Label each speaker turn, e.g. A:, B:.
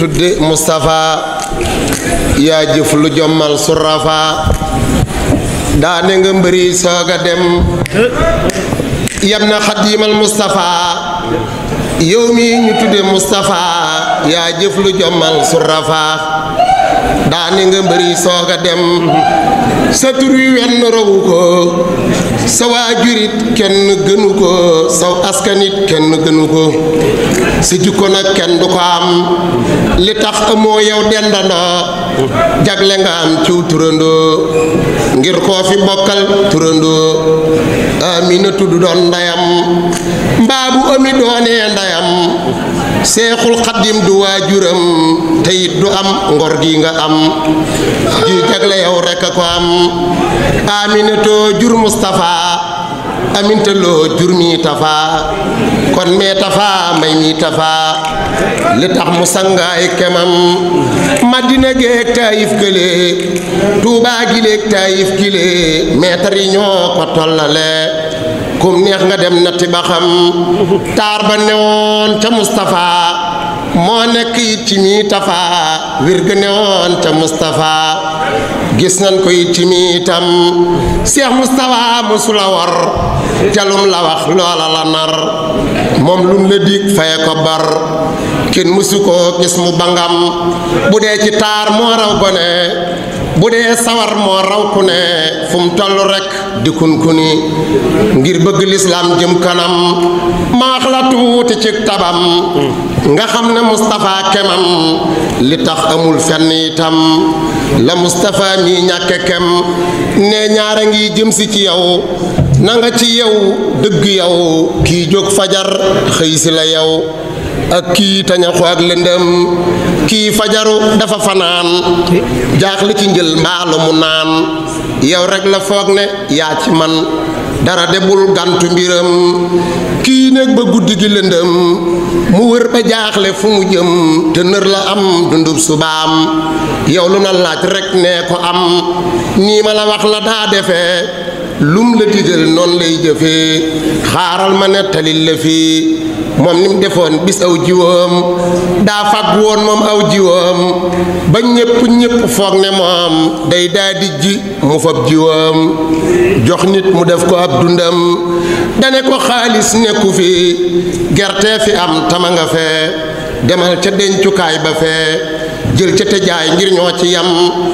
A: tudde Moustapha yaa jëf lu jommal surafa daane nga mbëri sooga dem yam na xadiimal Moustapha yow mi ñu tudde Moustapha yaa jëf lu jommal surafa daane nga mbëri sooga dem sa tur wi wenn rawu ko sa waajurit kenn gënu ko sa askanit kenn gënu ko sa jukko nag kenn du ko am li tax amoo yow dendana jagle nga am ciw turandoo ngir koo fi bokkal turandoo amina tudd doon ndeyam mbaa bu ami doonee ndeyam seexul xaddim du waajuram te it du am ngor gi nga am ji jagle yow rekk a ko am aminatoo jur Mustapha amintaloo jur mi kon mee tafaa mbay mi tafaa li tax mu sangaay kemam madina géeg taayif kële tuubaa giléeg taayif gile meetar yi ñoo ko tollale kum neex nga dem na ba taar ba newoon ca Mustapha moo nekk it ci mi tafaa wir ga newoon ca mustafa gis nañ ko itimiitam Cheikh Moustapha mosula war telum la wax loola la nar moom lun la dig faye ko bar kenn mosu koo gis mu bangam bu dee ci taar moo raw gone bu dee sawar moo raw ku ne fu mu toll rekk di kunkuni ngir bëgg lislaam jëm kanam maax la tuuti ci tabam nga xam ne Moustapha kemam li tax amul fenn itam la Moustapha mi ñàkke kem ne ñaara ngi jëm si ci yow na nga ci yow dëgg yow kii jóg fajar xëy la yow ak kii tañaxu ak lëndëm kii fajaru dafa fanaan jaaxle ci njël mbaalu mu naan yow rekk la foog ne yaa ci man dara debul gàntu mbiram kii néeg ba guddi gi lëndëm mu wër ba jaaxle fu mu jëm te nër la am dundub subaam yow lu na laaj rekk nee ko am nii ma la wax la daa defe lum la digal noonu lay jëfee xaaral ma nettalil la fii moom ni mu defoon bis aw jiwoom daa woon moom aw jiwoom ba ñépp ñépp foog ne moom day daa di ji mu fab jiwoom jox nit mu def ko ab dundam dane ko xaalis nekku fi gerte fi am tama nga fee demal ca dencukaay ba fee jël ca tejaay ngir ñoo ci yam